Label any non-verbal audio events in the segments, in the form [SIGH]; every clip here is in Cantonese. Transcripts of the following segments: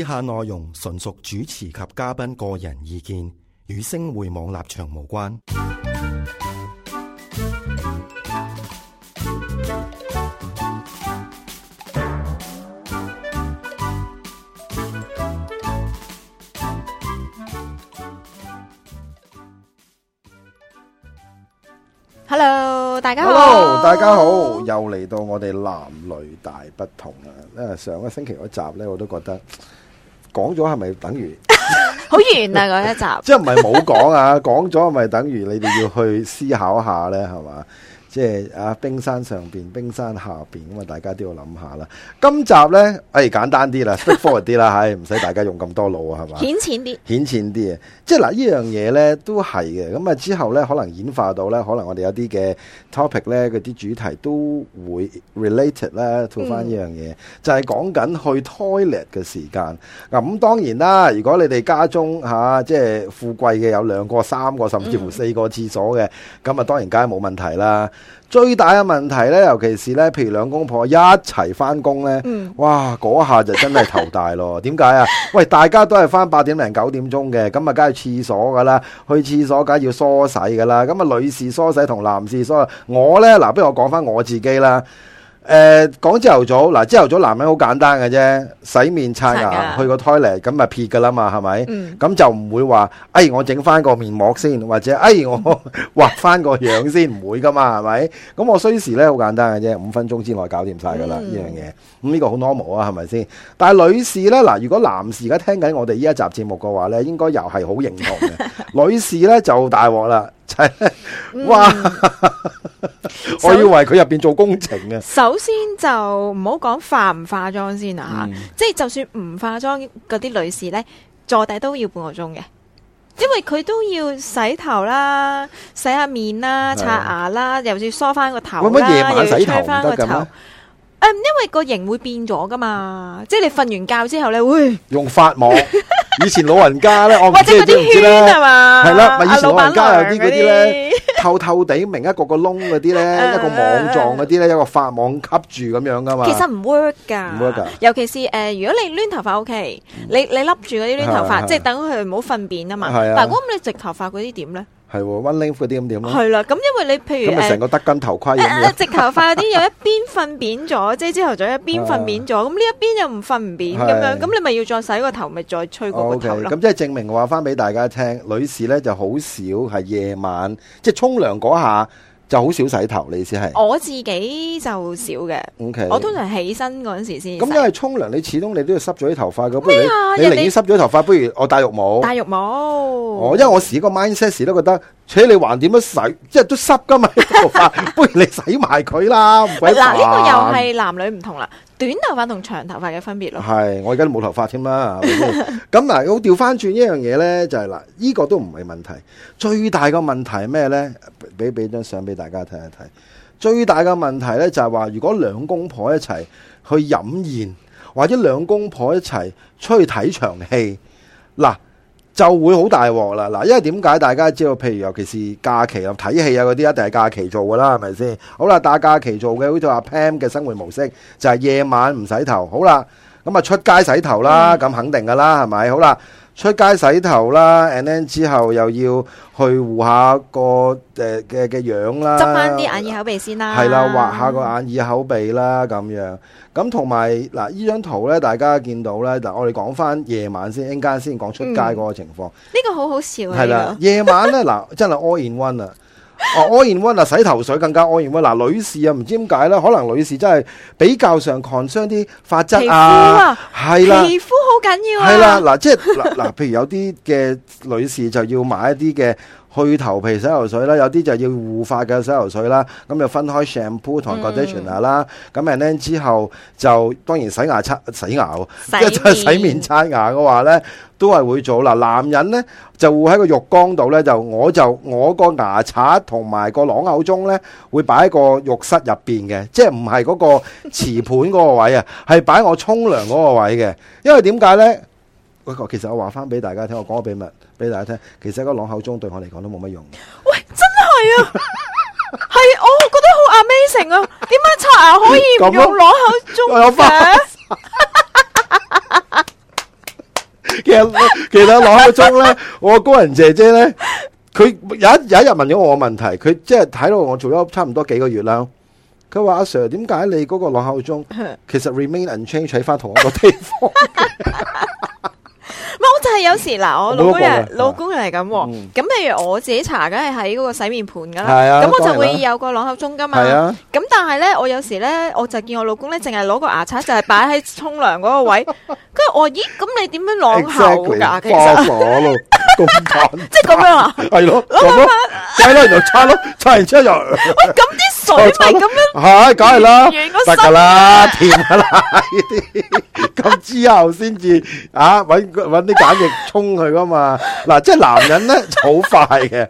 以下內容純屬主持及嘉賓個人意見，與星匯網立場無關。Hello，大家好！Hello, 大家好！又嚟到我哋男女大不同啊！因為上個星期嗰集呢，我都覺得。講咗係咪等於好完啊？嗰一集即係唔係冇講啊？講咗係咪等於你哋要去思考下咧？係嘛？即係啊，冰山上邊，冰山下邊，咁啊，大家都要諗下啦。今集咧，誒、哎，簡單啲啦，step forward 啲啦，係唔使大家用咁多腦啊，係嘛？顯淺啲，顯淺啲啊！即係嗱，呢樣嘢咧都係嘅。咁啊，之後咧可能演化到咧，可能我哋有啲嘅 topic 咧，嗰啲主題都會 related 咧做翻呢樣嘢，就係講緊去 toilet 嘅時間。咁當然啦，如果你哋家中吓、啊，即係富貴嘅，有兩個、三個，甚至乎四個廁所嘅，咁啊、mm.，當然梗係冇問題啦。最大嘅問題呢，尤其是呢，譬如兩公婆一齊翻工呢，嗯、哇，嗰下就真係頭大咯。點解啊？喂，大家都係翻八點零九點鐘嘅，咁啊，梗係廁所噶啦，去廁所梗係要梳洗噶啦。咁啊，女士梳洗同男士梳洗，我呢，嗱、啊，不如我講翻我自己啦。誒，講朝頭早嗱，朝頭早男人好簡單嘅啫，洗面刷牙去個胎嚟，咁咪撇噶啦嘛，係咪？咁、嗯、就唔會話，哎，我整翻個面膜先，或者，哎，我畫翻個樣先，唔 [LAUGHS] 會噶嘛，係咪？咁我需時咧好簡單嘅啫，五分鐘之內搞掂晒噶啦，呢、嗯、樣嘢。咁、嗯、呢、這個好 normal 啊，係咪先？但係女士咧，嗱，如果男士而家聽緊我哋呢一集節目嘅話咧，應該又係好認同嘅。 [LAUGHS] 女士咧就大鑊啦。嗯、哇！ [LAUGHS] 我以為佢入邊做工程啊！首先 [LAUGHS] 就唔好講化唔化妝先啊，嗯、即係就算唔化妝嗰啲女士呢坐底都要半個鐘嘅，因為佢都要洗頭啦、洗下面啦、刷的牙啦，又要梳翻個頭啦，洗頭又要吹翻個頭、嗯。因為個型會變咗噶嘛，即係你瞓完覺之後咧會用髮髮膜。 [LAUGHS] 以前老人家咧，我唔知，我唔、即係嗰啲圈、知啦。係啦吧，咪以前老人家有啲嗰啲咧， [LAUGHS] 透透地明一個個窿嗰啲咧，呃、一個網狀嗰啲咧，呃、一個髮網吸住咁樣噶嘛。其實唔 work 㗎，尤其是誒、呃，如果你攣頭髮 OK，你你笠住嗰啲攣頭髮，嗯、即係等佢唔好糞便啊嘛。的的但係如果咁你直頭髮嗰啲點咧？係喎，溫領褲啲咁點咧？係啦，咁因為你譬如咁咪成個德軍頭盔，啊、 [LAUGHS] 直頭髮嗰啲有一邊瞓扁咗， [LAUGHS] 即係朝頭早一邊瞓扁咗，咁呢、啊、一邊又唔瞓唔扁咁、啊、樣，咁、啊、你咪要再洗個頭，咪再吹個頭咯。咁、okay，即係證明我話翻俾大家聽，女士咧就好少係夜晚即係沖涼嗰下。就好少洗頭，你意思係？我自己就少嘅。O Okay . K，我通常起身嗰陣時先。咁因為沖涼，你始終你都要濕咗啲頭髮㗎。咩麼不如你，你寧願濕咗頭髮，不如我戴浴帽。戴浴帽。哦，oh, 因為我時個 mindset 時都覺得，且你還點樣洗，即係都濕噶嘛頭髮， [LAUGHS] 不如你洗埋佢 [LAUGHS] 啦，唔鬼煩。嗱，呢個又係男女唔同啦，短頭髮同長頭髮嘅分別咯。係，我而家都冇頭髮添啦。咁嗱， [LAUGHS] 好調翻轉一樣嘢咧，就係、是、嗱、呢、這個都唔係問題。最大個問題係咩咧？俾俾張相俾。大家睇一睇，最大嘅問題呢，就係話，如果兩公婆一齊去飲宴，或者兩公婆一齊出去睇場戲，嗱就會好大鑊啦！嗱，因為點解大家知道？譬如尤其是假期啊、睇戲啊嗰啲，一定係假期做噶啦，係咪先？好啦，打假期做嘅，好似阿 Pam 嘅生活模式就係夜晚唔洗頭，好啦，咁啊出街洗頭啦，咁、嗯、肯定噶啦，係咪？好啦。出街洗頭啦，and then 之後又要去護下個誒嘅嘅樣啦，執翻啲眼耳口鼻先啦，係啦，畫下個眼耳口鼻啦，咁樣，咁同埋嗱呢張圖咧，大家見到咧，嗱我哋講翻夜晚先，一陣間先講出街嗰個情況。呢、嗯這個好好笑啊！係啦，夜晚咧嗱， [LAUGHS] 真係 all in one 啊！哦，愛然温啊，洗頭水更加 all in one。嗱，女士啊，唔知點解啦，可能女士真係比較上抗傷啲發質啊，係啦、啊，啊、皮膚好緊要啊,啊，係啦、啊，嗱、啊，即係嗱，譬如有啲嘅女士就要買一啲嘅。去頭皮洗頭水啦，有啲就要護髮嘅洗頭水啦，咁就分開、er, shampoo 同埋 conditioner 啦。咁然之後就當然洗牙刷洗牙喎，一陣洗，面 洗面刷牙嘅話呢，都係會做嗱。男人呢，就會喺個浴缸度呢，就我就我個牙刷同埋個朗口中呢，會擺喺個浴室入邊嘅，即係唔係嗰個瓷盤嗰個位啊？係擺 [LAUGHS] 我沖涼嗰個位嘅，因為點解呢？喂，其實我話翻俾大家聽，我講個秘密俾大家聽。其實個朗口中對我嚟講都冇乜用。喂，真係啊，係我覺得好 amazing 啊！點解刷牙可以用朗口中嘅？其實其實朗口中咧，我個人姐姐咧，佢有一有一日問咗我問題，佢即係睇到我做咗差唔多幾個月啦。佢話阿 Sir，點解你嗰個朗口中其實 remain unchanged 喺翻同一個地方？我就係有時嗱，我老公又老公又係咁，咁譬如我自己搽梗係喺嗰個洗面盤噶啦，咁我就會有個朗口鐘噶嘛，咁但係咧，我有時咧，我就見我老公咧，淨係攞個牙刷就係擺喺沖涼嗰個位，跟住我咦，咁你點樣攞口噶？其實即係咁樣啊？係咯，洗咯，又擦咯，刷完之後又。水係咁樣，係、哎，梗係咯，得噶啦，甜噶啦呢啲，咁 [LAUGHS] 之後先至啊，搵搵啲梘液沖佢噶嘛。嗱、啊，即係男人咧就好快嘅，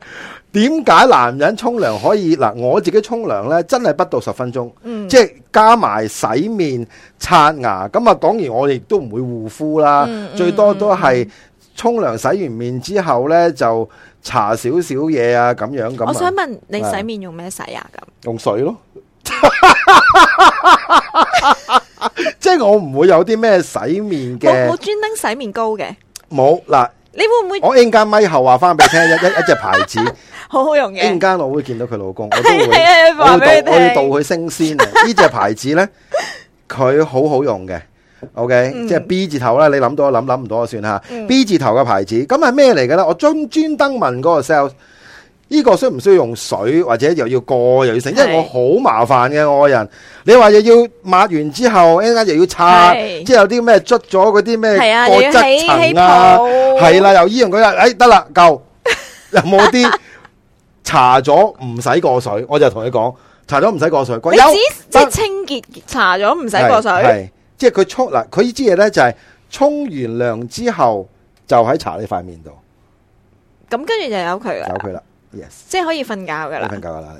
點解男人沖涼可以嗱、啊？我自己沖涼咧，真係不到十分鐘，嗯、即係加埋洗面、刷牙，咁啊，講完我亦都唔會護膚啦，嗯嗯最多都係沖涼洗完面之後咧就。搽少少嘢啊，咁樣咁。我想問是你洗面用咩洗啊？咁用水咯。 [LAUGHS] [LAUGHS] [LAUGHS] 即係我唔會有啲咩洗面嘅。我冇專登洗面膏嘅。冇嗱。你會唔會？我陣間咪後話翻俾你聽一一隻牌子。好好用嘅。陣間我會見到佢老公，我都會。是是是你你我要導佢升鮮啊！呢隻 [LAUGHS] 牌子咧，佢好好用嘅。O、okay, K，即係 B 字頭啦，你諗到就諗，諗唔到就算啦。嗯、B 字頭嘅牌子，咁係咩嚟嘅咧？我專專登問嗰個 sales，呢、這個需唔需要用水，或者又要過，又要洗，是 因為我好麻煩嘅我個人。你話又要抹完之後，一陣間又要擦，即係是 有啲咩捽咗嗰啲咩角質層啊，係啦、啊，又依樣嗰樣，哎得啦，夠有冇啲搽咗唔使過水？我就同你講，搽咗唔使過水，過你 有指即係清潔搽咗唔使過水？ [NOISE] 即係佢沖嗱，佢呢支嘢咧，就係、是、沖完涼之後就喺搽呢塊面度。咁跟住就有佢啦，有佢啦，yes，即係可以瞓覺噶啦，瞓覺噶啦，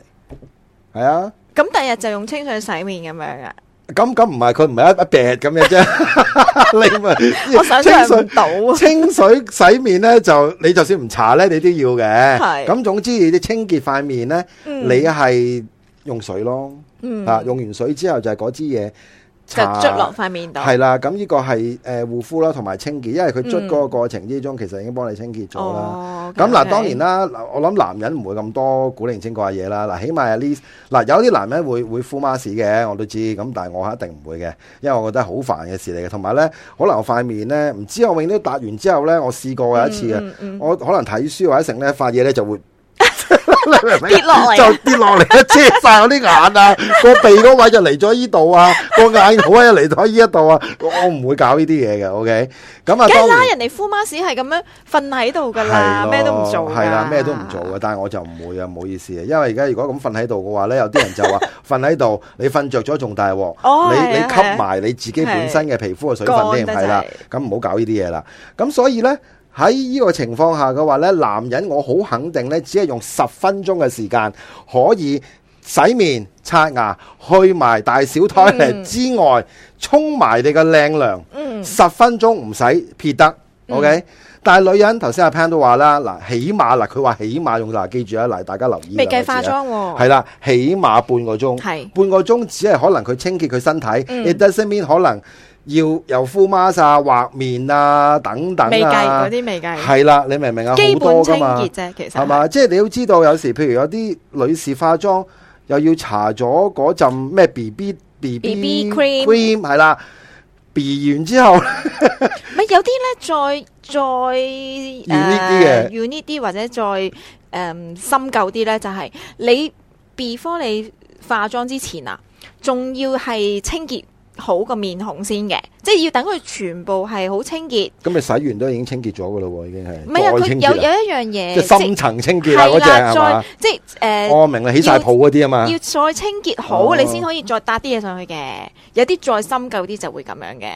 係啊。咁第日就用清水洗面咁樣嘅。咁咁唔係佢唔係一一撇咁嘅啫，你咪 [LAUGHS] [LAUGHS] [LAUGHS] 清水啊？ [LAUGHS] 清水洗面咧，就你就算唔搽咧，你都要嘅。係的。咁、嗯、總之你啲清潔塊面咧，你係用水咯，啊、嗯、用完水之後就係嗰支嘢。就捽落塊面度，係啦。咁呢個係誒護膚啦，同埋清潔。因為佢捽嗰個過程之中，嗯、其實已經幫你清潔咗啦。咁嗱、哦，當然啦。我諗男人唔會咁多古靈精怪嘢啦。嗱，起碼呢嗱，有啲男人會會敷 mask 嘅，我都知。咁但係我一定唔會嘅，因為我覺得好煩嘅事嚟嘅。同埋咧，可能塊面咧，唔知我永遠都答完之後咧，我試過有一次嘅，嗯嗯嗯、我可能睇書或者成咧發嘢咧就會。跌落嚟就跌落嚟，遮晒我啲眼啊！個鼻嗰位就嚟咗依度啊！個眼口又嚟咗依一度啊！我唔會搞呢啲嘢嘅，OK？咁啊，梗係拉人嚟敷馬屎，係咁樣瞓喺度噶啦，咩都唔做，係啦，咩都唔做嘅。但係我就唔會啊，唔好意思啊，因為而家如果咁瞓喺度嘅話咧，有啲人就話瞓喺度，你瞓着咗仲大鑊，你你吸埋你自己本身嘅皮膚嘅水分添，係啦，咁唔好搞呢啲嘢啦。咁所以咧。喺呢個情況下嘅話，呢男人我好肯定呢，只係用十分鐘嘅時間可以洗面、刷牙、去埋大小胎之外，嗯、沖埋你個靚涼，嗯、十分鐘唔使撇得，OK、嗯。但係女人頭先阿 Pan 都話啦，嗱，起碼嗱佢話起碼用嗱，記住啊，嗱大家留意。未計化妝喎、哦，係啦，起碼半個鐘，係半個鐘，只係可能佢清潔佢身體，亦都身邊可能。要由敷 mask 啊、畫面啊、等等、啊、未計嗰啲未計，係啦，你明唔明啊？基本清潔啫，其實係嘛，即係你要知道，有時譬如有啲女士化妝，又要搽咗嗰陣咩 B B B B cream，cream，係啦，B 完之後，咪有啲咧，再再誒，要呢啲或者再誒、um, 深究啲咧，就係、是、你 before 你化妝之前啊，仲要係清潔。好個面孔先嘅，即係要等佢全部係好清潔。咁你洗完都已經清潔咗噶咯喎，已經係。唔係啊，佢有有，有一樣嘢，即係是深層清潔啊嗰隻係嘛？即係誒，我明啦，起晒泡嗰啲啊嘛，要再清潔好，哦、你先可以再搭啲嘢上去嘅。有啲再深舊啲就會咁樣嘅，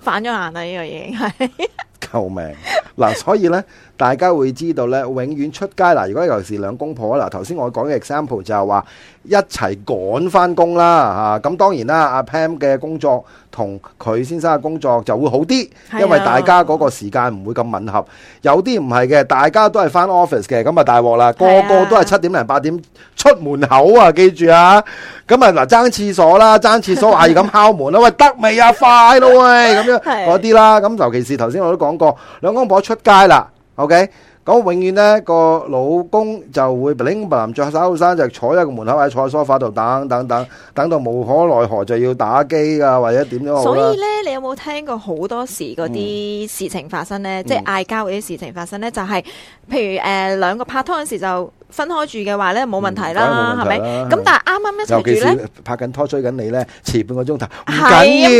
反咗眼啦呢個已經係。 [LAUGHS] 救命！嗱，所以咧。 [LAUGHS] 大家會知道咧，永遠出街嗱。如果尤其是兩公婆嗱，頭先我講嘅 example 就係話一齊趕翻工啦嚇。咁當然啦，阿 Pam 嘅工作同佢先生嘅工作就會好啲，因為大家嗰個時間唔會咁吻合。有啲唔係嘅，大家都係翻 office 嘅，咁啊大鑊啦，個個都係七點零八點出門口啊，記住啊。咁啊嗱，爭廁所啦，爭廁所，係咁敲門啦，喂，得未啊？快咯喂，咁樣嗰啲啦。咁尤其是頭先我都講過，兩公婆出街啦。OK，咁永遠咧個老公就會拎布林着衫，就坐喺個門口或者坐喺梳化度等等等，等到無可奈何就要打機啊，或者點樣？所以咧，你有冇聽過好多時嗰啲事情發生咧？即係嗌交嗰啲事情發生咧，就係譬如誒兩個拍拖嗰時就分開住嘅話咧，冇問題啦，係咪？咁但係啱啱一齊住咧，拍緊拖追緊你咧，遲半個鐘頭唔緊要，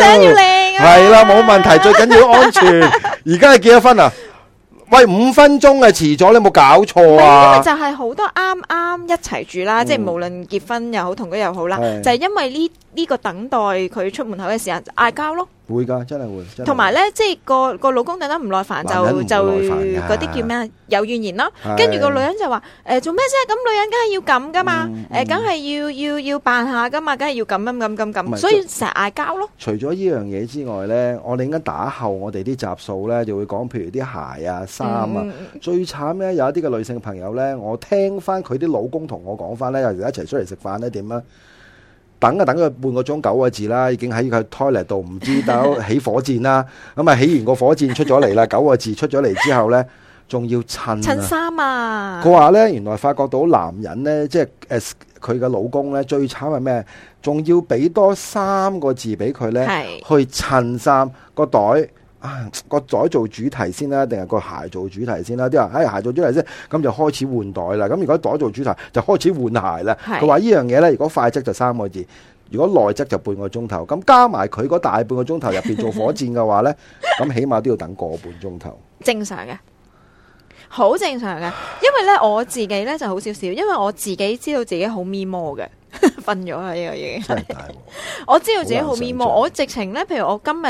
靚唔靚啊？係啦，冇問題，最緊要安全。而家係結咗婚啊！喂，五分鐘啊，遲咗你有冇搞錯啊？就係、係、好多啱啱一齊住啦，嗯、即係無論結婚又好，同居又好啦，是的 就係因為呢？呢個等待佢出門口嘅時候，嗌交咯，會㗎，真係會。同埋咧，即係個個老公等得唔耐煩，就就嗰啲叫咩啊？有怨言咯。跟住個女人就話：誒做咩啫？咁女人梗係要咁㗎嘛！誒，梗係要要要扮下㗎嘛，梗係要咁咁咁咁。所以成日嗌交咯。除咗呢樣嘢之外咧，我另外打後我哋啲集數咧，就會講譬如啲鞋啊、衫啊。最慘咧，有一啲嘅女性朋友咧，我聽翻佢啲老公同我講翻咧，有時一齊出嚟食飯咧點啊？等啊等佢半個鐘九個字啦，已經喺佢 toilet 度唔知道起火箭啦，咁啊起完個火箭出咗嚟啦，九個字出咗嚟 [LAUGHS] 之後呢，仲要襯襯衫啊！佢話、啊、呢，原來發覺到男人呢，即係佢嘅老公呢，最慘係咩？仲要俾多三個字俾佢呢，是去襯衫個袋。啊，個袋做主題先啦，定係個鞋做主題先啦？啲人唉鞋做主題先，咁、哎、就開始換袋啦。咁如果袋做主題，就開始換鞋啦。佢話呢樣嘢呢，如果快則就三個字，如果耐則就半個鐘頭。咁加埋佢嗰大半個鐘頭入邊做火箭嘅話呢，咁 [LAUGHS] 起碼都要等個半鐘頭。正常嘅，好正常嘅，因為呢我自己呢就好少少，因為我自己知道自己好咪摸嘅，瞓咗喺呢個嘢。 [LAUGHS] 已經我知道自己好咪摸我直情呢，譬如我今日。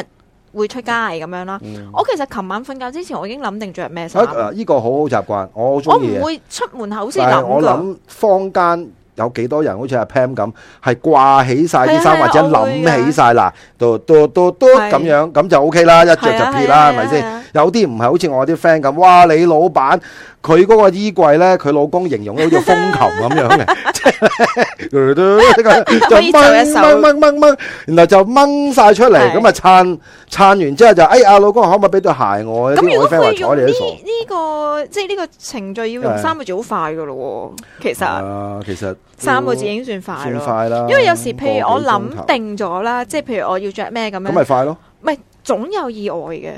會出街咁樣啦，我其實琴晚瞓覺之前我已經諗定着咩衫。呢個好好習慣，我我唔會出門口先諗。我諗坊間有幾多人，好似阿 Pam 咁，係掛起晒啲衫或者諗起晒啦，嘟嘟嘟嘟咁樣，咁就 OK 啦，一着就撇啦，係咪先？有啲唔係好似我啲 friend 咁，哇！你老闆佢嗰個衣櫃咧，佢老公形容好似個風琴咁樣嘅，即就掹掹掹掹然後就掹晒出嚟，咁啊撐撐完之後就，哎啊，老公可唔可以俾對鞋我？咁我啲 friend 話，咗你呢個即係呢個程序要用三個字好快噶咯。其實啊，其實三個字已經算快啦，因為有時譬如我諗定咗啦，即係譬如我要着咩咁樣咁咪快咯，唔係總有意外嘅。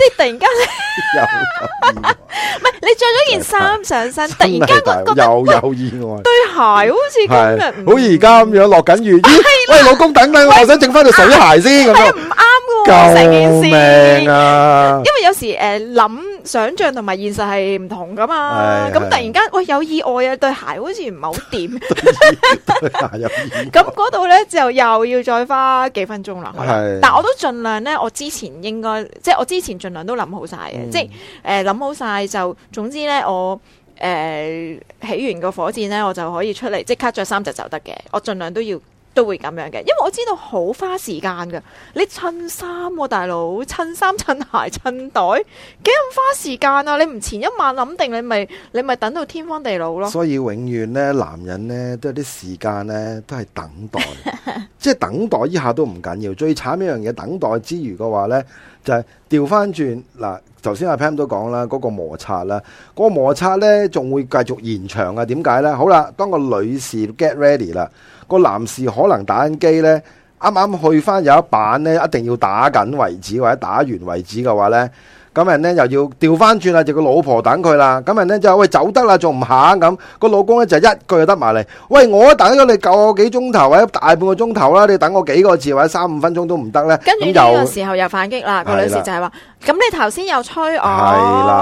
即突然間，唔係你着咗件衫上身，突然間又有意外對鞋好似今日好似而家咁樣落緊雨，喂老公等等，我想整翻對水鞋先咁樣唔啱。成件事，啊、因為有時誒諗、呃、想象同埋現實係唔同噶嘛，咁、哎、突然間的喂，有意外啊，對鞋好似唔係好掂，咁嗰度咧就又要再花幾分鐘啦。的但我都盡量咧，我之前應該即係我之前盡量都諗好晒嘅，嗯、即係誒諗好晒就總之咧我誒、呃、起完個火箭咧，我就可以出嚟即刻着衫就走得嘅，我盡量都要。都會咁樣嘅，因為我知道好花時間噶。你襯衫、啊，大佬襯衫襯鞋襯袋，幾咁花時間啊！你唔前一晚諗定，你咪你咪等到天荒地老咯。所以永遠呢，男人呢都有啲時間呢都係等待， [LAUGHS] 即係等待一下都唔緊要。最慘一樣嘢，等待之餘嘅話呢。就係調翻轉嗱，頭先阿 Pam 都講啦，嗰個摩擦啦，嗰個摩擦咧仲會繼續延長啊？點解咧？好啦，當個女士 get ready 啦，個男士可能打緊機咧，啱啱去翻有一版咧，一定要打緊為止，或者打完為止嘅話咧。咁人咧又要調翻轉啦，就個老婆等佢啦。咁人咧就喂，走得啦，仲唔肯咁？個老公咧就一句就得埋嚟，喂，我等咗你夠幾鐘頭或者大半個鐘頭啦，你等我幾個字或者三五分鐘都唔得咧。跟住呢個時候又反擊啦，個女士就係話。咁你頭先又催我，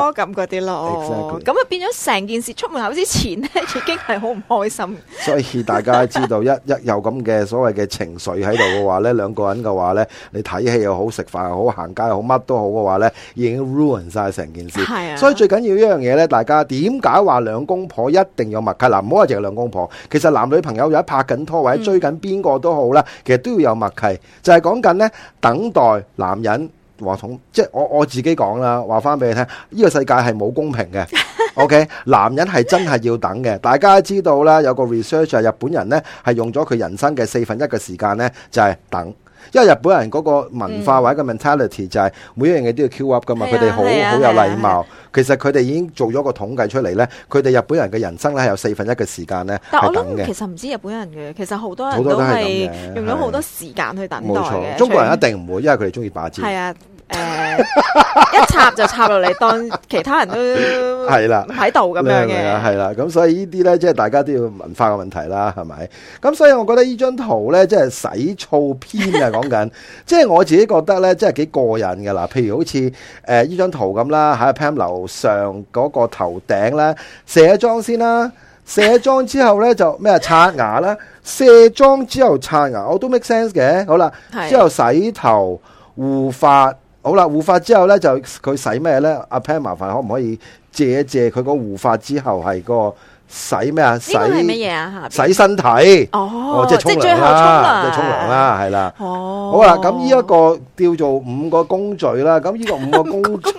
多咁嗰啲咯，咁啊，變咗成件事出門口之前咧，已經係好唔開心。所以大家知道，一一有咁嘅所謂嘅情緒喺度嘅話咧，兩個人嘅話咧，你睇戲又好，食飯又好，行街又好，乜都好嘅話咧，已經 ruin 晒成件事。係啊，所以最緊要一樣嘢咧，大家點解話兩公婆一定有默契。嗱，唔好話淨係兩公婆，其實男女朋友又喺拍緊拖，或者追緊邊個都好啦，其實都要有默契。就係講緊咧，等待男人，話統即係我我自己講啦，話翻俾你聽，呢個世界係冇公平嘅。 [LAUGHS] OK，男人係真係要等嘅。大家知道啦，有個 research 係日本人呢，係用咗佢人生嘅四分一嘅時間呢，就係等。因為日本人嗰個文化或者個 mentality、嗯、就係每一樣嘢都要 queue up 噶嘛，佢哋好好有禮貌。啊啊啊、其實佢哋已經做咗個統計出嚟咧，佢哋日本人嘅人生咧係有四分一嘅時間咧係等嘅。但係我諗其實唔知日本人嘅，其實好多人都係用咗好多時間去等待嘅。冇、啊、錯，中國人一定唔會，因為佢哋中意霸佔。啊。誒、 [LAUGHS] 嗯，一插就插落嚟，當其他人都係啦，喺度咁樣嘅，係啦。咁所以呢啲咧，即係大家都要文化嘅問題啦，係咪？咁所以我覺得呢張圖咧，即係洗燥篇呀講緊，即係 [LAUGHS] 我自己覺得咧，即係幾過癮嘅啦。譬如好似誒呢張圖咁啦，喺 Pam 樓上嗰個頭頂咧卸妝先啦，卸妝之後咧就咩 [LAUGHS] 刷牙啦，卸妝之後刷牙，我都 make sense 嘅。好啦，之後洗頭護髮。護髮好啦，護髮之後咧，就佢使咩咧？阿 Pan 麻煩，可唔可以借一借佢個護髮之後係個？洗咩啊？洗乜嘢啊？洗身體哦，即係沖涼啦，即係沖涼啦，係啦。哦，好啦，咁呢一個叫做五個工序啦。咁呢個五個工序，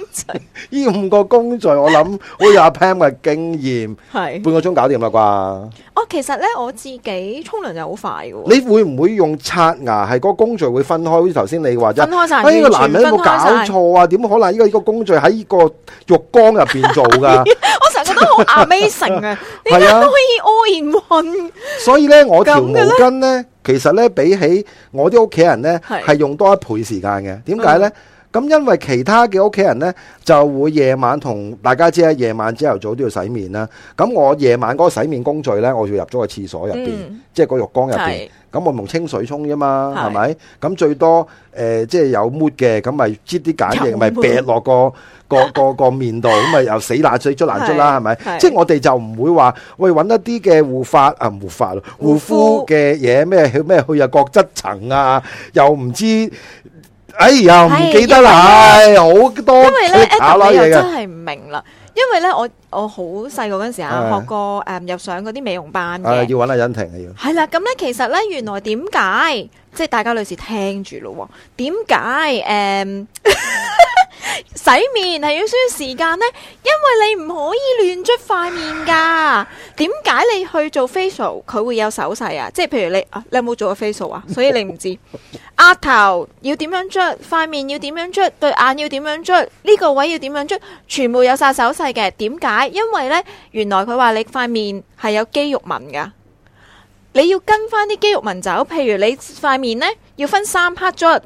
呢五個工序，我諗會有阿 Pam 嘅經驗，係半個鐘搞掂啦啩。哦，其實咧我自己沖涼就好快嘅。你會唔會用刷牙係個工序會分開？好似頭先你話啫，分開晒喂，呢個男人有冇搞錯啊？點可能呢個呢個工序喺呢個浴缸入邊做噶？ [LAUGHS] 我覺得好 Amazing 啊，點解都可以 all in one？所以咧，我條毛巾咧，其實咧比起我啲屋企人咧，係是用多一倍時間嘅。點解咧？ [LAUGHS] 咁因為其他嘅屋企人咧，就會夜晚同大家知啦，夜晚朝頭早都要洗面啦。咁我夜晚嗰個洗面工序咧，我就入咗個廁所入邊，即係個浴缸入邊。咁我用清水沖啫嘛，係咪？咁最多誒，即係有抹嘅，咁咪擠啲梘液，咪撇落個個個個面度，咁咪又死難追，難追啦，係咪？即係我哋就唔會話喂揾一啲嘅護髮啊護髮護膚嘅嘢，咩去咩去啊角質層啊，又唔知。哎呀，唔記得啦，好多因打落嚟又真係唔明啦，因為咧我我好細個嗰陣時啊，的學過誒入，嗯、上嗰啲美容班嘅，要揾阿欣婷啊要。係，嗯、啦，咁咧其實咧原來點解即係大家女士聽住咯？點解誒洗面係要需要時間咧？因為你唔可以亂捽塊面噶。點解？ [LAUGHS] 你去做 facial 佢會有手勢啊？即係譬如你，你啊，你有冇做過 facial 啊？所以你唔知。 [LAUGHS] 額頭要點樣捽，塊面要點樣捽，對眼要點樣捽，呢個位要點樣捽，全部有晒手勢嘅。點解？因為呢，原來佢話你塊面係有肌肉紋噶，你要跟翻啲肌肉紋走。譬如你塊面呢，要分三 part 捽，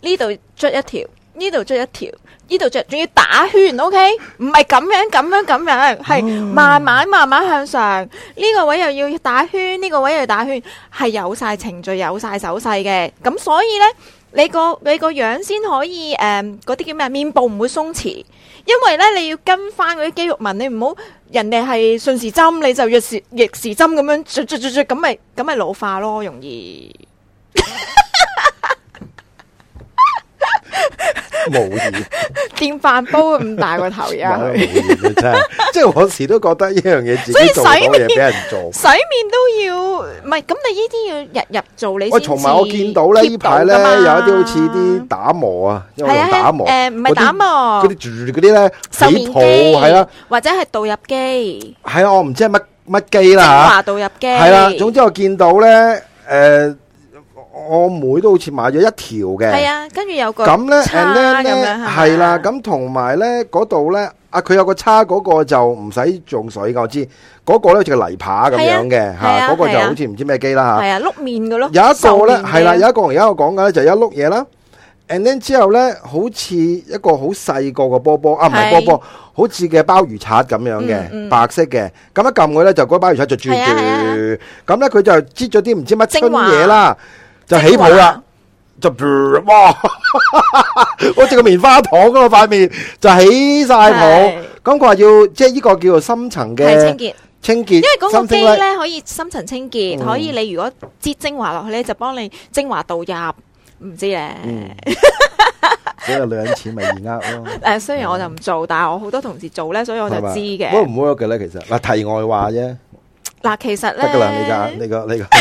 呢度捽一條。呢度着一條，呢度着，仲要打圈，OK？唔係咁樣，咁樣，咁樣，係慢慢慢慢向上。呢個位又要打圈，呢個位又要打圈，係有晒程序，有晒手勢嘅。咁所以呢，你個你個樣先可以誒，嗰啲叫咩？面部唔會鬆弛，因為呢，你要跟翻嗰啲肌肉紋，你唔好人哋係順時針，你就逆時逆時針咁樣，咁咪咁咪老化咯，容易。無言， [LAUGHS] 電飯煲咁大個頭呀！ [LAUGHS] 無言啊，真係，即係我時都覺得呢樣嘢自己所以洗面做嘅嘢俾人做，洗面都要，唔係咁你呢啲要日日做你先至。同埋我見到咧呢排咧有一啲好似啲打磨啊，因為打磨，唔係，誒唔係打磨，嗰啲住嗰啲咧洗面機，係啦，呃、或者係導入機，係啊，我唔知係乜乜機啦吓。精華導入機，係啦，總之我見到咧，誒、呃。我妹都好似買咗一條嘅，係啊，跟住有個叉咁樣吓，係啦，咁同埋咧嗰度咧，啊佢有個叉嗰個就唔使種水，我知嗰個咧好似個泥耙咁樣嘅吓，嗰個就好似唔知咩機啦吓，係啊，碌面嘅咯，有一個咧係啦，有一個而家我講嘅咧就一碌嘢啦，and then 之後咧好似一個好細個嘅波波啊唔係波波，好似嘅鮑魚叉咁樣嘅白色嘅，咁一撳佢咧就嗰鮑魚叉就轉住。咁咧佢就擠咗啲唔知乜春嘢啦。就起泡啦，就噗哇！好似個棉花糖嗰個塊面就起晒泡。咁佢話要即係呢個叫做深層嘅清潔清潔，因為嗰個機咧可以深層清潔，可以你如果擠精華落去咧就幫你精華導入，唔知咧。呢個女人錢咪易呃咯。誒，雖然我就唔做，但係我好多同事做咧，所以我就知嘅。worried 唔 worried 咧？其實嗱，題外話啫。嗱，其實咧。得噶啦，呢個呢個呢個。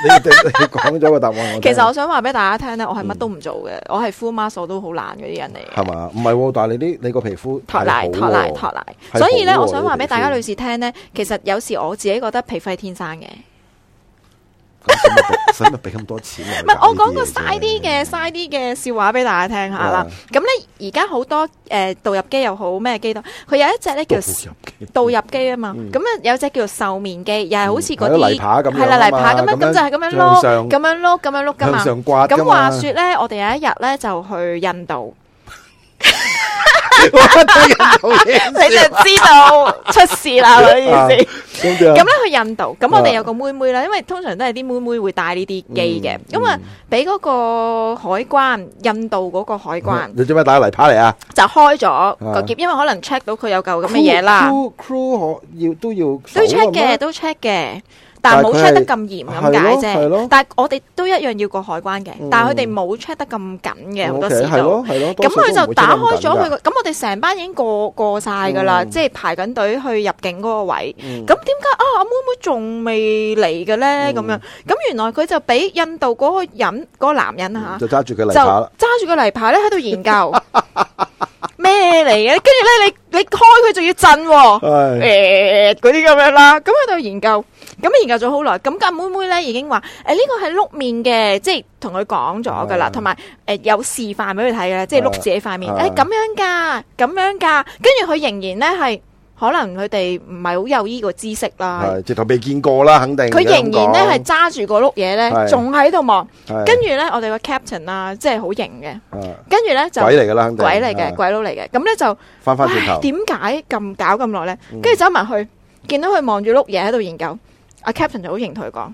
你你講咗一個答案。 [LAUGHS] 其實我想話俾大家聽咧，我係乜都唔做嘅，我係敷 mask 都好懶嗰啲人嚟。係嘛？唔係，啊，但係你啲你個皮膚脫賴脫賴脫賴。所以咧，我想話俾大家女士聽咧，其實有時我自己覺得皮膚係天生嘅。使乜俾咁多錢？唔係，我講個嘥啲嘅嘥啲嘅笑話俾大家聽下啦。咁咧、嗯，而家好多誒，導入機、嗯、又好，咩機都，佢有一隻咧叫導入機啊嘛。咁啊，有隻叫做壽麵機，又係好似嗰啲係啦泥扒咁咁樣，咁就係咁樣碌，咁樣碌，咁樣碌噶嘛。咁話說咧，我哋有一日咧就去印度。 [LAUGHS] 你就知道出事啦，唔好意思。咁咧去印度，咁我哋有個妹妹咧，因為通常都係啲妹妹會帶呢啲機嘅。咁啊，俾嗰個海關，印度嗰個海關，你做咩帶泥巴嚟啊？就開咗個篋，因為可能 check 到佢有嚿咁嘅嘢啦。crew crew 可要都要都 check 嘅，都 check 嘅。但係冇 check 得咁嚴咁解啫，但係我哋都一樣要過海關嘅，嗯、但係佢哋冇 check 得咁緊嘅好，嗯、多時候。咁佢就打開咗佢，咁我哋成班已經過過曬噶啦，嗯、即係排緊隊去入境嗰個位。咁點解啊？阿妹妹仲未嚟嘅咧？咁、嗯、樣咁原來佢就俾印度嗰個人嗰，嗰個、男人嚇、嗯，就揸住佢泥牌揸住個泥牌咧喺度研究。 [LAUGHS] 咩嚟嘅？跟住咧，你你開佢仲要震喎、啊，誒嗰啲咁樣啦。咁佢都研究，咁研究咗好耐。咁架妹妹咧已經話：誒呢個係碌面嘅，即係同佢講咗噶啦。同埋誒有示範俾佢睇嘅，即係碌自己塊面。誒唉、欸、咁樣噶，咁樣噶。跟住佢仍然咧係。可能佢哋唔係好有依個知識啦，係直頭未見過啦，肯定。佢仍然咧係揸住個碌嘢咧，仲喺度望。跟住咧，我哋個 captain 啦，即係好型嘅。跟住咧就鬼嚟㗎啦，肯定。鬼嚟嘅，鬼佬嚟嘅。咁咧就翻返轉頭。點解咁搞咁耐咧？跟住走埋去，見到佢望住碌嘢喺度研究。阿 captain 就好型，同佢講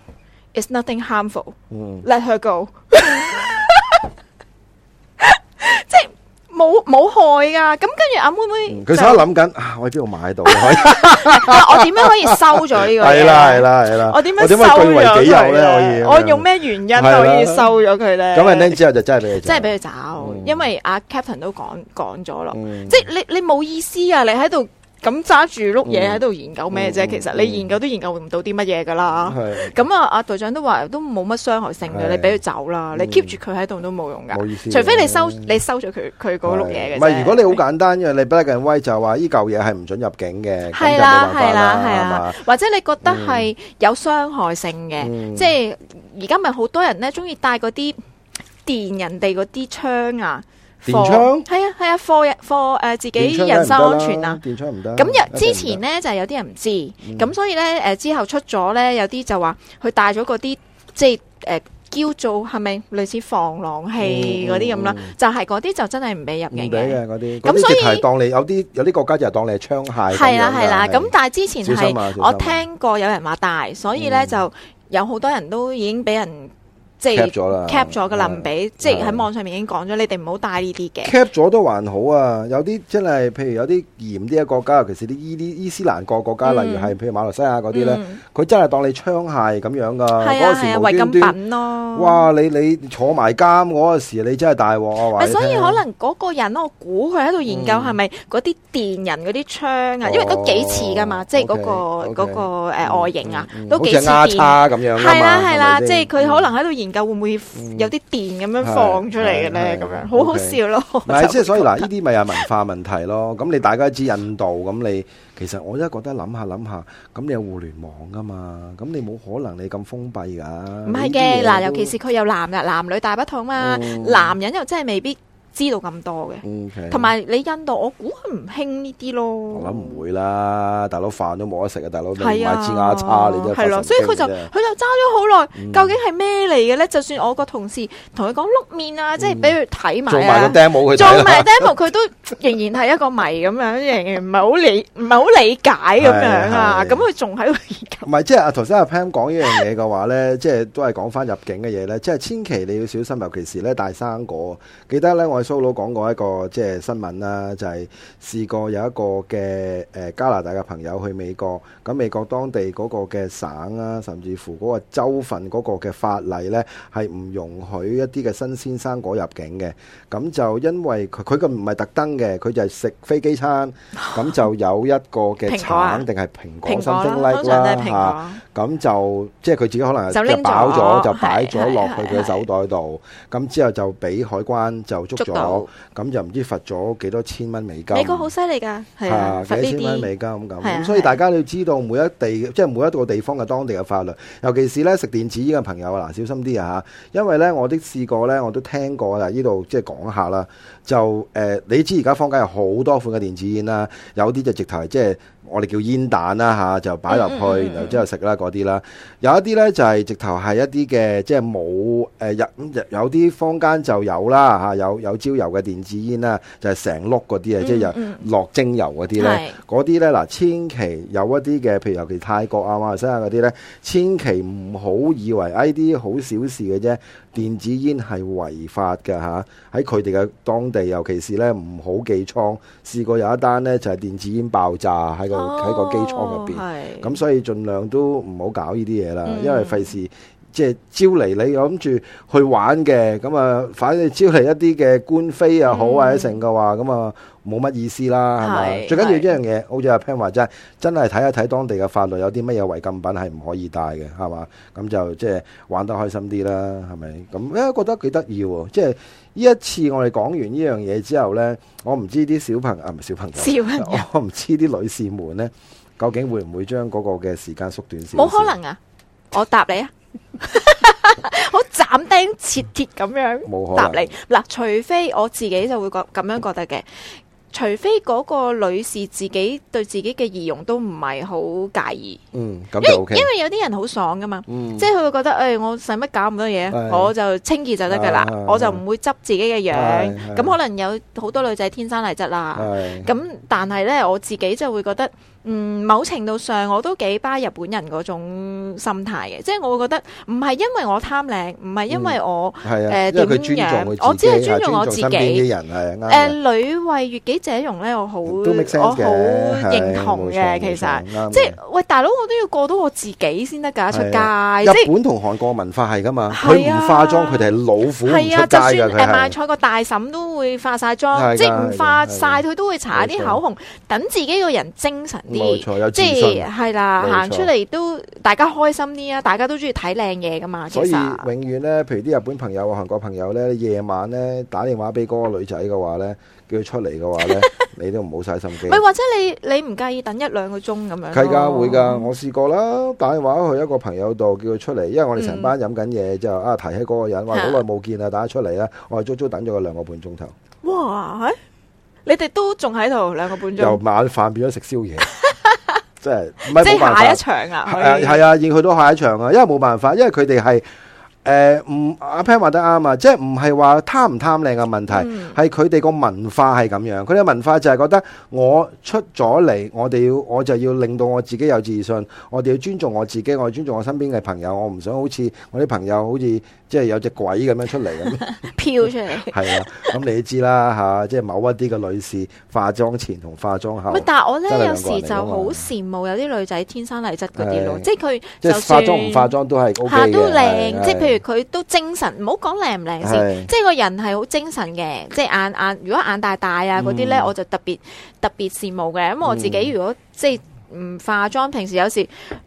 ：It's nothing harmful。Let her go。冇冇害噶，咁跟住阿妹妹，佢成日諗緊，我喺邊度買到？我點樣可以收咗呢個？係啦係啦係啦！啦啦我點樣收咗佢咧？我用咩原因可以收咗佢咧？咁人哋之後就真係俾佢真係俾你找， [LAUGHS] 因為阿 Captain 都講講咗咯， [LAUGHS] 即係你你冇意思啊！你喺度。咁揸住碌嘢喺度研究咩啫？其實你研究都研究唔到啲乜嘢噶啦。咁啊，阿隊長都話都冇乜傷害性嘅，你俾佢走啦。你 keep 住佢喺度都冇用噶。除非你收你收咗佢佢嗰碌嘢嘅。唔係，如果你好簡單嘅，你 black and white 就話呢嚿嘢係唔准入境嘅。係啦係啦係啊！或者你覺得係有傷害性嘅，即係而家咪好多人咧，中意帶嗰啲電人哋嗰啲槍啊。電槍係啊係啊，課日誒自己人身安全啊，電槍唔得。咁之前呢，就有啲人唔知，咁所以呢，誒之後出咗呢，有啲就話佢帶咗嗰啲即係誒叫做係咪類似防狼器嗰啲咁啦？就係嗰啲就真係唔俾入境嘅啲。咁所以當你有啲有啲國家就當你係槍械。係啦係啦。咁但係之前係我聽過有人話帶，所以呢就有好多人都已經俾人。即係 cap 咗啦，cap 咗㗎喇，唔畀，即係喺網上面已經講咗，你哋唔好帶呢啲嘅。cap 咗都還好啊，有啲真係，譬如有啲嚴啲嘅國家，尤其是啲伊啲伊斯蘭各國家，例如係譬如馬來西亞嗰啲咧，佢真係當你槍械咁樣噶嗰個時，無端端，違禁品咯，哇！你你坐埋監嗰個時，你真係大鑊啊！所以可能嗰個人，我估佢喺度研究係咪嗰啲電人嗰啲槍啊？因為都幾似噶嘛，即係嗰個嗰個誒外形啊，都幾似。好似鴨叉咁樣。係啦係啦，即係佢可能喺度研。研究會唔會有啲電咁樣放出嚟嘅咧？咁、嗯、樣好好笑咯！唔係，即係所以嗱，呢啲咪係文化問題咯。咁 [LAUGHS] 你大家知印度咁，你其實我而家覺得諗下諗下，咁你有互聯網噶嘛？咁你冇可能你咁封閉噶？唔係嘅，嗱，尤其是佢有男呀，男女大不同嘛。哦、男人又真係未必。知道咁多嘅，同埋 Okay. 你印度，我估佢唔興呢啲咯。我諗唔會啦，大佬飯都冇得食啊，大佬都買支牙刷你都係咯，所以佢就佢就揸咗好耐，嗯、究竟係咩嚟嘅咧？就算我個同事同佢講碌面啊，嗯、即係俾佢睇埋，做埋個 demo 佢，做埋 demo 佢都。 [LAUGHS] 仍然係一個謎咁樣，仍然唔係好理唔係好理解咁樣啊！咁佢仲喺度研究。唔係，即係頭先阿 Pam 講呢樣嘢嘅話咧，即係都係講翻入境嘅嘢咧。即係千祈你要小心，尤其是咧帶生果。記得咧，我蘇老講過一個即係新聞啦，就係試過有一個嘅誒加拿大嘅朋友去美國，咁美國當地嗰個嘅省啊，甚至乎嗰個州份嗰個嘅法例咧，係唔容許一啲嘅新鮮生果入境嘅。咁就因為佢佢個唔係特登。嘅，佢就係食飛機餐，咁就有一個嘅橙，定係蘋果心心 Something like 啦嚇。啊咁就即係佢自己可能即係包咗就擺咗落去佢嘅手袋度，咁之後就俾海關就捉咗，咁就唔知罰咗幾多千蚊美金。呢個好犀利㗎，係啊，幾千蚊美金，咁所以大家要知道每一地即係每一個地方嘅當地嘅法律。尤其是呢食電子煙嘅朋友啊，小心啲啊。因為呢，我啲試過呢，我都聽過啦，呢度即係講下啦。就誒，你知而家坊間有好多款嘅電子煙啦，有啲就直頭係即係我哋叫煙蛋啦嚇，就擺落去，然後之後食啦。啲啦，有一啲咧就係、是、直頭係一啲嘅，即係冇誒入有啲、呃、坊間就有啦嚇、啊，有有焦油嘅電子煙啦、啊，就係成碌嗰啲啊，嗯、即係有落精油嗰啲咧，嗰啲咧嗱，千祈有一啲嘅，譬如尤其泰國啊嘛、馬來西亞嗰啲咧，千祈唔好以為呢啲好小事嘅啫。電子煙係違法㗎嚇，喺佢哋嘅當地，尤其是呢，唔好寄倉。試過有一單呢，就係電子煙爆炸喺個喺、哦、個機倉入邊，咁是的 所以盡量都唔好搞呢啲嘢啦，嗯、因為費事。即係招嚟，你諗住去玩嘅，咁啊，反正招嚟一啲嘅官非又好或者成嘅話，咁啊冇乜意思啦。係咪？最緊要一樣嘢，好似阿 Pan 話齋真係真係睇一睇當地嘅法律，有啲乜嘢違禁品係唔可以帶嘅，係嘛？咁就即係玩得開心啲啦，係咪？咁誒，覺得幾得意喎！即係呢一次我哋講完呢樣嘢之後咧，我唔知啲小朋友唔係小朋友，我唔知啲女士們咧，究竟會唔會將嗰個嘅時間縮短少少？冇可能啊！我答你啊！好斬釘截鐵咁樣答你嗱，除非我自己就會覺咁樣覺得嘅，除非嗰個女士自己對自己嘅儀容都唔係好介意。嗯、咁就 OK 因，因為有啲人好爽噶嘛，嗯、即係佢會覺得誒、哎，我使乜搞咁多嘢，哎、呀我就清潔就得噶啦，哎、呀我就唔會執自己嘅樣。咁、哎、呀可能有好多女仔天生麗質啦，咁、哎、呀但係咧，我自己就會覺得。嗯，某程度上我都幾巴日本人嗰種心態嘅，即係我覺得唔係因為我貪靚，唔係因為我誒，點樣，我只係尊重我自己。人係啱。誒，女為悦己者容咧，我好我好認同嘅其實，即係喂大佬，我都要過到我自己先得㗎出街。日本同韓國文化係㗎嘛，佢唔化妝佢哋係老虎唔出街㗎，係啊，就算賣菜個大嬸都會化晒妝，即係唔化晒，佢都會搽啲口紅，等自己個人精神。冇錯，有自信。係啦，行出嚟都大家開心啲啊！大家都中意睇靚嘢噶嘛。所以永遠咧，譬如啲日本朋友啊、韓國朋友咧，夜晚咧打電話俾嗰個女仔嘅話咧，叫佢出嚟嘅話咧，你都唔好嘥心機。咪或者你你唔介意等一兩個鐘咁樣？係噶，會噶，我試過啦。打電話去一個朋友度叫佢出嚟，因為我哋成班飲緊嘢之後啊，提起嗰個人話好耐冇見啦，大家出嚟啦，我係足足等咗個兩個半鐘頭。哇！你哋都仲喺度兩個半鐘？由晚飯變咗食宵夜。即係，即係下一場啊！係啊，已經、啊、去到下一場啊，因為冇辦法，因為佢哋係。誒唔阿 Pen 話得啱啊！即係唔係話貪唔貪靚嘅問題，係佢哋個文化係咁樣。佢哋嘅文化就係覺得我出咗嚟，我哋要我就要令到我自己有自信，我哋要尊重我自己，我要尊重我身邊嘅朋友，我唔想好似我啲朋友好似即係有隻鬼咁樣出嚟咁，飄出嚟。係 [LAUGHS] 啊，咁、嗯、你都知啦嚇、啊，即係某一啲嘅女士化妝前同化妝後。但係我咧有時就好羨慕有啲女仔天生麗質嗰啲咯，的即係佢化妝唔化妝都係嚇、OK、都靚，即係譬如。佢都精神，唔好講靚唔靚先，即係個人係好精神嘅，即係眼眼如果眼大大啊嗰啲咧，嗯、我就特別特別羨慕嘅。咁、嗯、我自己如果即係唔化妝，平時有時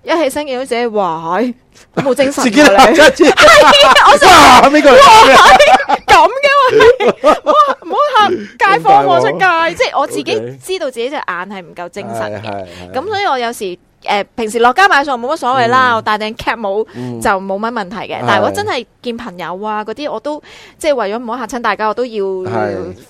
一起身見到自己哇，咁冇精神，自己嚟對、哎，我真係，我真係呢個，咁嘅哇，唔好喊街坊我出街，啊、即係我自己知道自己隻眼係唔夠精神，咁、嗯嗯、所以我有時。誒平時落街買餸冇乜所謂啦，我戴定 cap 帽就冇乜問題嘅。但係我真係見朋友啊嗰啲，我都即係為咗唔好嚇親大家，我都要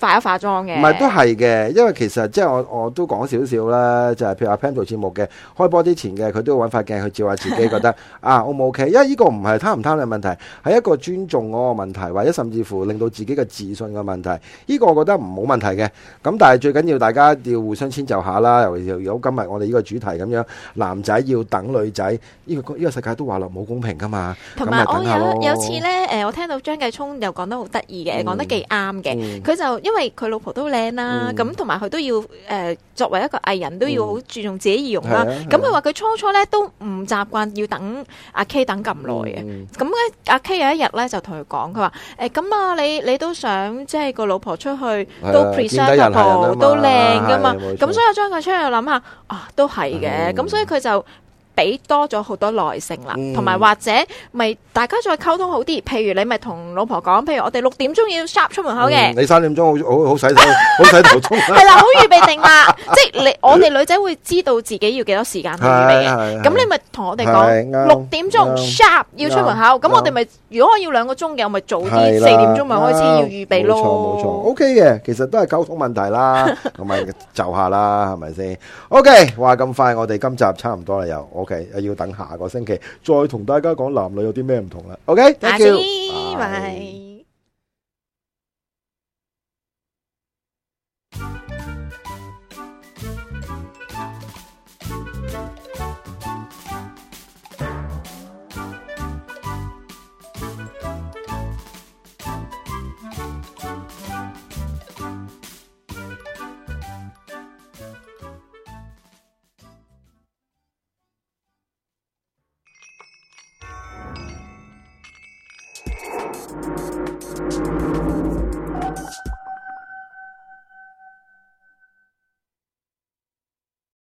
化一化妝嘅。唔係都係嘅，因為其實即係我我都講少少啦，就係譬如阿 Pan 做節目嘅開波之前嘅，佢都要揾塊鏡去照下自己，覺得啊 O 唔 O K？因為呢個唔係貪唔貪嘅問題，係一個尊重嗰個問題，或者甚至乎令到自己嘅自信嘅問題。呢個我覺得唔冇問題嘅。咁但係最緊要大家要互相遷就下啦。尤其是有今日我哋呢個主題咁樣。男仔要等女仔，呢個呢個世界都話咯，冇公平噶嘛。同埋我有有次咧，誒，我聽到張繼聰又講得好得意嘅，講得幾啱嘅。佢就因為佢老婆都靚啦，咁同埋佢都要誒作為一個藝人都要好注重自己儀容啦。咁佢話佢初初咧都唔習慣要等阿 K 等咁耐嘅。咁咧阿 K 有一日咧就同佢講，佢話誒咁啊，你你都想即係個老婆出去都 p r 都靚噶嘛。咁所以張繼聰又諗下啊，都係嘅。咁所以。佢就。俾多咗好多耐性啦，同埋或者咪大家再溝通好啲，譬如你咪同老婆講，譬如我哋六點鐘要 sharp 出門口嘅。你三點鐘好好好洗頭，好洗頭，係啦，好預備定啦。即係你我哋女仔會知道自己要幾多時間去預備嘅，咁你咪同我哋講六點鐘 sharp 要出門口，咁我哋咪如果我要兩個鐘嘅，我咪早啲四點鐘咪開始要預備咯。冇錯冇錯，OK 嘅，其實都係溝通問題啦，咁咪就下啦，係咪先？OK，話咁快，我哋今集差唔多啦又我。誒、okay，要等下個星期再同大家講男女有啲咩唔同啦。OK，thank you。拜。